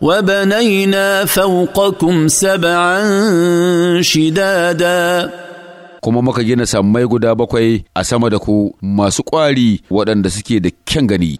وبنينا فوقكم سبعا شدادا kuma muka gina sammai guda bakwai a sama da ku masu ƙwari waɗanda suke da kyan gani